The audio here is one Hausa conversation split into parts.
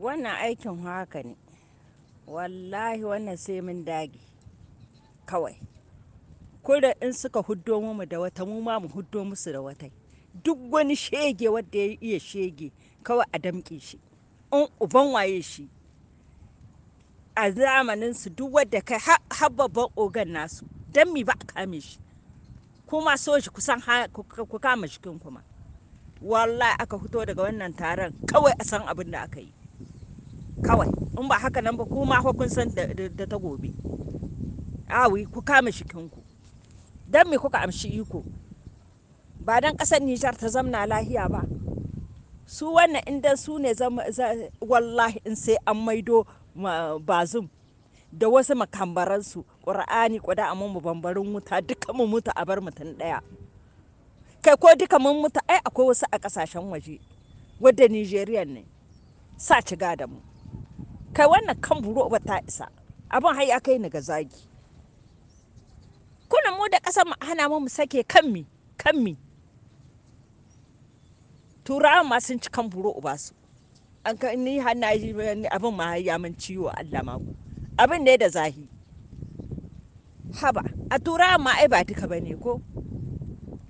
Wannan aikin haka ne. Wallahi wannan sai mun dage kawai. Kurin in suka huddo mu da wata mu ma mu huddo musu da wata. Duk wani shege wanda ya iya shege kawai a damƙe shi. In uban waye shi. A zamanin su duk wanda kai har babban ogan nasu. Dan mi ba a kame shi. Kuma so shi kusan ku kama shi kuma. Wallahi aka fito daga wannan taron kawai a san abin da aka yi. kawai in ba haka nan ba kuma kun san da ta gobe awi ku kama shikinku don me kuka amshi iko ba dan kasar nijar ta zamna lahiya ba su wannan inda su ne wallahi in sai an maido bazum da wasu makambaransu ƙura'ani ƙuda a mu bambarin wuta duka mun mutu a bar mutum ɗaya kai ko duka mun mutu ai akwai wasu a ƙasashen waje wadda nijeriya ne sa ci da mu kai wannan kan buru ba ta isa abin har ya kai ni ga zagi kuna mu da ƙasar mu hana mu sake kan mi kan mi turawa ma sun ci kan buru uba su an kai ni hana abin ma ya min ciwo Allah ma ku abin ne da zahi haba a turawa ma ai ba duka bane ko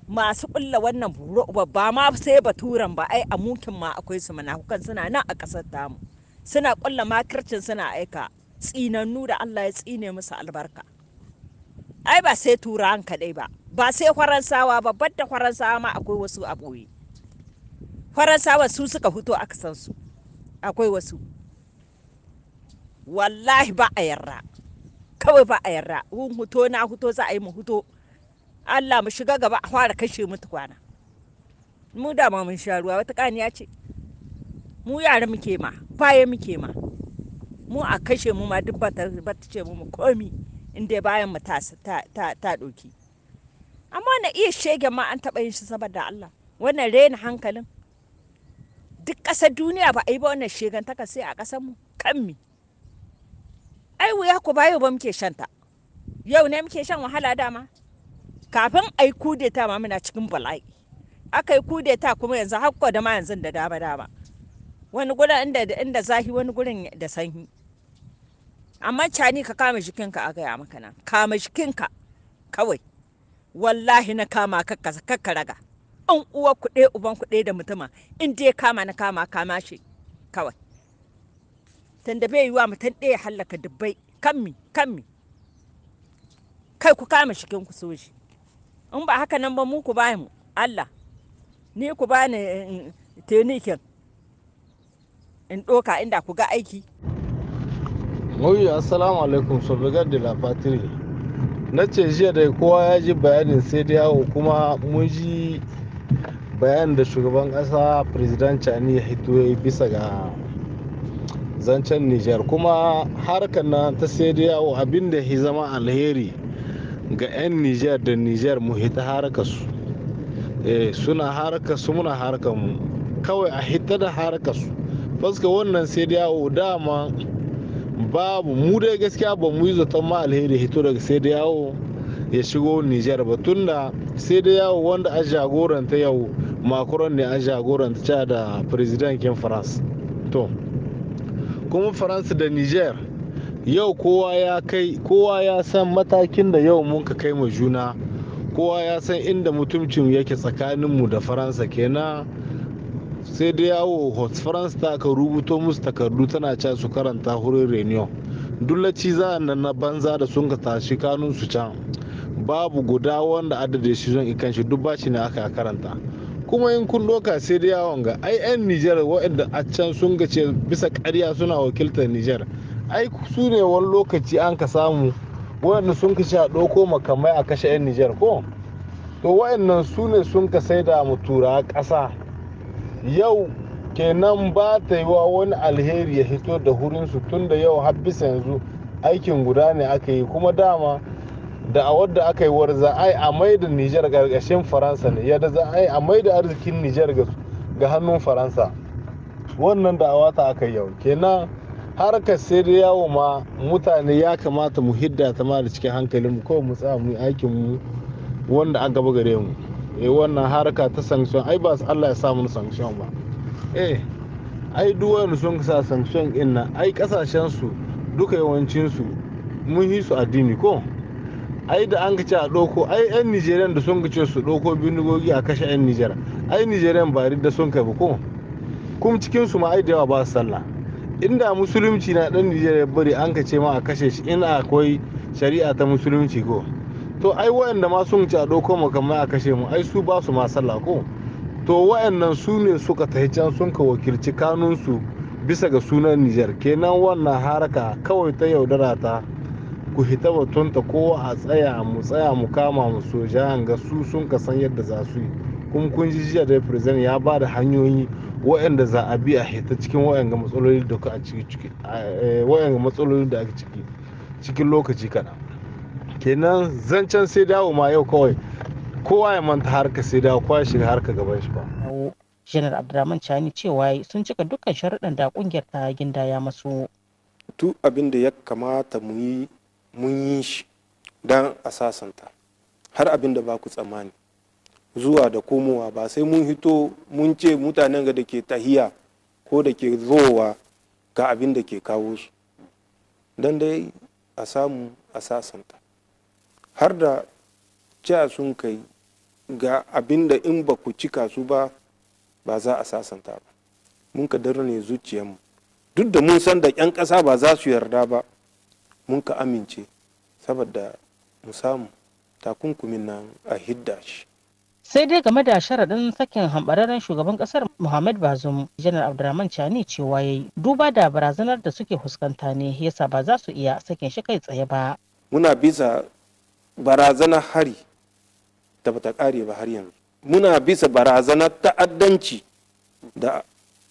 masu ɓulla wannan buru uba ba ma sai baturan ba ai a mukin ma akwai su mana kukan suna nan a ƙasar tamu suna ƙulla makircin suna aika tsinannu da Allah ya tsine musu albarka ai ba sai turan kaɗai ba ba sai faransawa ba badda faransawa ma akwai wasu a ɓoye faransawa su suka fito aka san su akwai wasu wallahi ba a yarda kawai ba a yarda wun huto na huto za a yi mu huto Allah mu shiga gaba a fara kashe mu tukwana mu da mun sha ruwa wata ya ce mu yara muke ma faye muke ma mu a kashe mu ma duk ba ta ce mu komi inda bayan mu ta ta doki amma na iya shege ma an taba yin shi saboda Allah wannan rena hankalin duk ƙasar duniya ba a yi ba wannan taka sai a ƙasar mu kan mi ai wuya ku ba yau ba muke shan yau ne muke shan wahala dama kafin a yi kudeta ma muna cikin bala'i aka yi kudeta kuma yanzu hakko da ma yanzu da dama dama wani gurin inda inda zahi wani gurin da sanyi amma cani ka kama jikinka a gaya maka nan kama jikinka kawai wallahi na kama kakka raga an uwa kuɗe uban kuɗe da mutuma in dai kama na kama kama shi kawai da bai yi wa mutum ɗaya hallaka dubbai kammi kammi kai ku kama shikin ku soji in ba haka nan ba mu ku bayan Allah ni ku bani eh, eh, tenikin in ɗoka inda ku ga aiki. Muyi assalamu alaikum Sobegar de la patrie. Na ce jiya da kowa ya ji bayanin sai da yawo kuma mun ji bayanin da shugaban ƙasa president Chani ya hito ya bisa ga zancen Nijar kuma harkar nan ta sai da yawo abin da ya zama alheri ga 'yan Nijar da Nijar mu hita harkar su. Eh, suna harkar su muna harkar mu kawai a hita da harkar su baska wannan sai dai yawo dama babu mu dai gaskiya ba mu yi zaton ma alheri hito daga sai dai yawo ya shigo nijar ba tunda sai dai yawo wanda a jagoranta yau makaron ne a jagoranta ca da kin faransa to kuma faransa da nijar yau kowa ya kowa ya san matakin da yau mun ka kai ma juna kowa ya san inda mutumcin yake tsakaninmu da faransa kenan sai dai yawo hot france ta aka rubuto musu takardu tana can su karanta hurin reunion dullaci za nan na banza da sun ka tashi kanun su can babu guda wanda adadin shi zon ikan shi duk bashi ne aka karanta kuma in kun doka sai dai yawon ga ai yan nijar waɗanda a can sun ga ce bisa ƙarya suna wakiltar nijar ai su ne wani lokaci an ka samu waɗanda sun ka a ɗauko makamai a kashe yan nijar ko to waɗannan su ne sun ka sai da mu tura ƙasa yau kenan ba ta yi wa wani alheri ya hito da hurinsu tun da yau har bisa yanzu aikin guda ne aka yi kuma dama da a wadda aka yi warza ai a mai da nijar gargashin faransa ne yadda za yi a mai da arzikin nijar ga hannun faransa wannan da ta aka yau kenan harkar sai da yawo ma mutane ya kamata mu hidda ta ma da cikin hankalinmu kawai mu tsaya mu aikin mu wanda an gaba gare mu eh wannan haraka ta sanction ai ba Allah ya sa mun sanction ba eh ai duwan sun sa sanction din ai kasashen su duka yawancin su mun yi su addini ko ai da an ce a doko ai 'yan nigerian da sun ce su doko bindigogi a kashe 'yan nigeria ai nigerian ba da sun kai ba ko kuma cikin su ma ai da yawa ba su sallah inda musulunci na dan nigeria ya bari an kace ma a kashe shi in akwai shari'a ta musulunci ko to ai waɗanda ma sun ci a ɗauko makamai a kashe mu ai su ba su ma sallah ko to waɗannan su ne suka tahi can sun ka wakilci kanunsu bisa ga sunan Nijar kenan wannan haraka kawai ta yaudara ta ku hita batunta kowa a tsaya mu tsaya mu kama mu soja ga su sun ka san yadda za su yi kuma kun ji jiya da president ya ba da hanyoyi waɗanda za a bi a hita cikin waɗanda eh, matsaloli da ake ciki cikin lokaci kaɗan kenan zancen sai dawo ma yau kawai kowa ya manta harka sai dawo kowa ya shiga harka gaban shi ba janar abdulrahman chani cewa sun cika dukkan sharuɗan da kungiyar ta ginda ya masu duk abin da ya kamata mu yi mun yi shi don a sasanta har abin da ba ku tsammani zuwa da komowa ba sai mun hito mun ce mutanen da ke tahiya ko da ke zowa ga abin da ke kawo su don dai a samu a sasanta har da ja sun kai ga abinda in ba ku cika su ba ba za a sasanta ba mun ka ne zuciyarmu duk da mun san da 'yan ƙasa ba za su yarda ba mun ka amince saboda mu samu takunkumin nan a hidda shi sai dai game da sharaɗin sakin hambararren shugaban ƙasar muhammad bazum janar abdurrahman chani cewa ya yi duba da barazanar da suke fuskanta ne yasa ba za su iya sakin shi kai tsaye ba muna bisa barazanar hari da bata kare ba har yanzu muna bisa barazanar ta'addanci da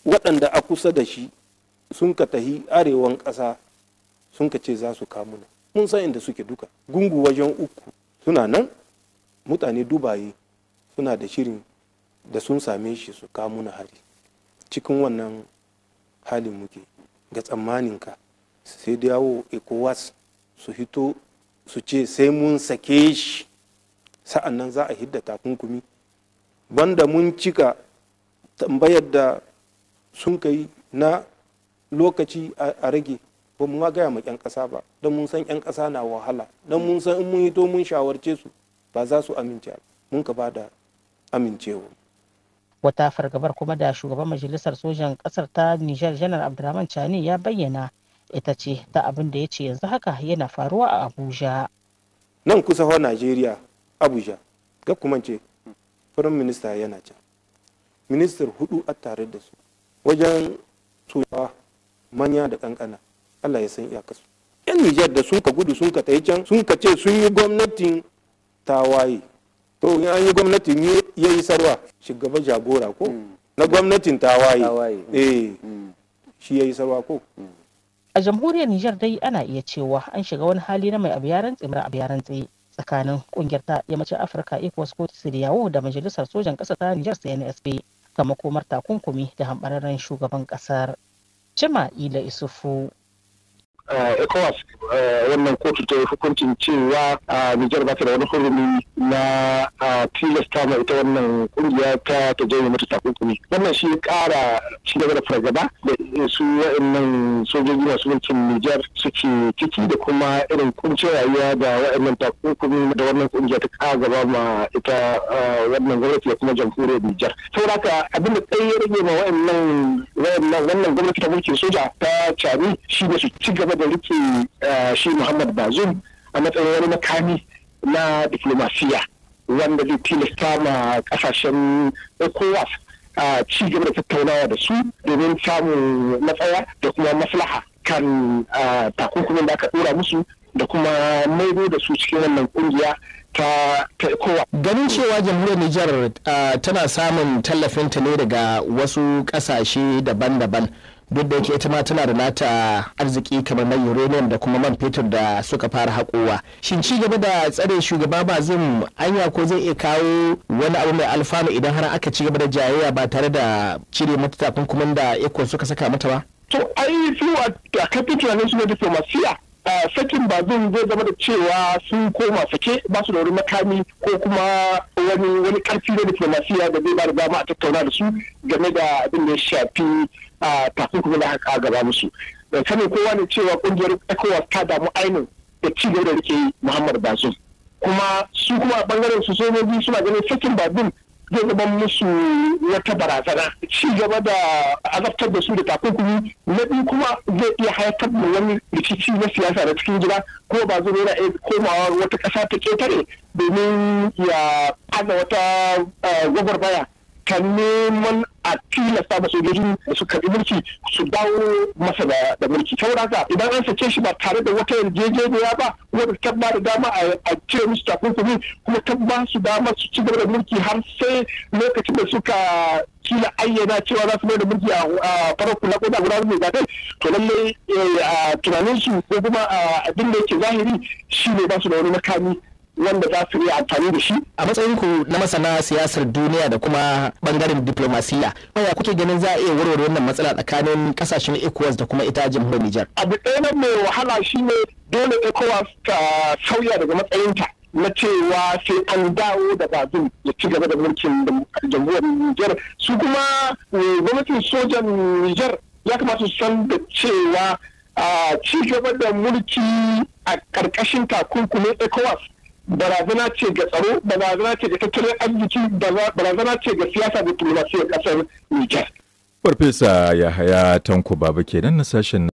waɗanda a kusa da shi sun ka tahi arewan ƙasa sun ka ce za su kamuna mun san inda suke duka gungu wajen uku suna nan mutane dubaye suna da shirin da sun same shi su kamu na hari cikin wannan halin muke ga tsammaninka sai dawo ecowas su hito su ce sai mun sake shi sa'an nan za a hidda takunkumi banda mun cika tambayar da sun kai na lokaci a rage ba mu gaya ma 'yan ƙasa ba don mun san 'yan ƙasa na wahala don mun san in mun hito mun shawarce su ba za su amince mun ka ba da amincewa wata fargabar kuma da shugaban majalisar sojan ƙasar ta nijar janar abdulrahman chani ya bayyana ita ce ta abin da ya ce yanzu haka yana faruwa a abuja nan kusa wa najeriya abuja ga kuma ce firin minista yana can ministar hudu a tare da su wajen tsohuwa manya da kankana allah ya san iyakarsu yan nijar da sun ka gudu sun ka tai can sun ka ce sun yi gwamnatin tawaye to in an yi gwamnatin ya yi sarwa shugaba jagora ko mm. na gwamnatin tawaye eh mm. Mm. shi ya yi sarwa ko a jamhuriyar Nijar dai ana iya cewa an shiga wani hali na mai abiyaran tsimira abiyaran tsaye tsakanin kungiyar ta yammacin Afirka ECOWAS ko Siriyawo da majalisar sojan ƙasa ta Nijar CNSP ga makomar takunkumi da hambararren shugaban ƙasar. Jima Ila Isufu Eh, ecowas eh, wannan kotu ta yi hukuncin cewa eh, nijar ba ta da wani hurumi na tilasta ma ita wannan kungiya ta ta janye mata takunkumi wannan shi kara shi daga da fargaba da su wa'annan sojoji masu mulkin nijar suke ciki da kuma irin kuncin rayuwa da wa'annan takunkumi da wannan kungiya ta gaba ma ita wannan gwamnati da kuma jamhuriyar nijar saboda haka abin da tsaye rage ma wa'annan wannan gwamnati ta mulkin soja ta cani shi ne su ci gaba da rike eh, shi muhammad bazum a matsayin wani makami na diplomasiya wanda zai tilasta ma kasashen ecowas a eh, ci gaba da tattaunawa da su domin samun matsaya da kuma maslaha kan eh, takunkumin da aka dora musu da kuma maido da su cikin wannan kungiya ta kowa. Ganin cewa jamhuriyar Nijar tana samun tallafinta ne daga wasu kasashe daban-daban. duk da yake ita ma tana da nata arziki kamar na uranium da kuma man fetur da suka fara haƙowa shin ci gaba da tsare shugaba ba zan anya ko zai iya kawo wani abu mai alfanu idan har aka ci gaba da jayayya ba tare da cire mata takunkumin da econ suka saka mata ba to ai su a kafin tunanin su na diplomasiya sakin ba zan zai zama da cewa sun koma sake ba su da wani makami ko kuma wani wani karfi na diplomasiya da zai ba da dama a tattauna da su game da abin da ya shafi a kuma da aka gaba musu da sanin kowa ne cewa kungiyar ecowas ta damu ainihin da ci gaba da rike muhammad bazum kuma su kuma a bangaren su sojoji suna ganin sakin babin zai zama musu wata barazana ci gaba da azabtar da su da takunkumi na biyu kuma zai iya haifar da wani rikici na siyasa da cikin gida ko ba zai yana iya komawa wata ƙasa ta ketare domin ya hana wata eh, gwagwarmaya ta neman a tilasta ba sojojin da su karbi mulki su dawo masa da mulki tauraka haka idan an sace shi ba tare da wata yarjejeniya ba kuma da ta da dama a cire musu takunkumi kuma ta su dama su ci gaba da mulki har sai lokacin da suka kila ayyana cewa za su mai da mulki a farar kula ko da gudanar da zaɓe to lallai eh, a su ko kuma abin da yake zahiri shi ne ba su da wani makami wanda za su iya amfani da shi. A matsayin ku na masana siyasar duniya da kuma bangaren diplomasiya, ya kuke ganin za a iya warware wannan matsala tsakanin kasashen ECOWAS da kuma ita jamhuriyar Nijar? Abu ɗaya mai wahala shine dole ECOWAS ta sauya daga matsayinta. na cewa sai an dawo da bazin ya ci gaba da mulkin jamhuriyar Nijar su kuma eh, gwamnatin sojan Nijar ya kamata su san da cewa ah, ci gaba da mulki a ƙarƙashin takunkumin ECOWAS barazana ce ga tsaro barazana ce ga tattalin arziki barazana ce ga siyasa da tulasiyar kasar nijar farfesa yahaya tanko baba nan na sashen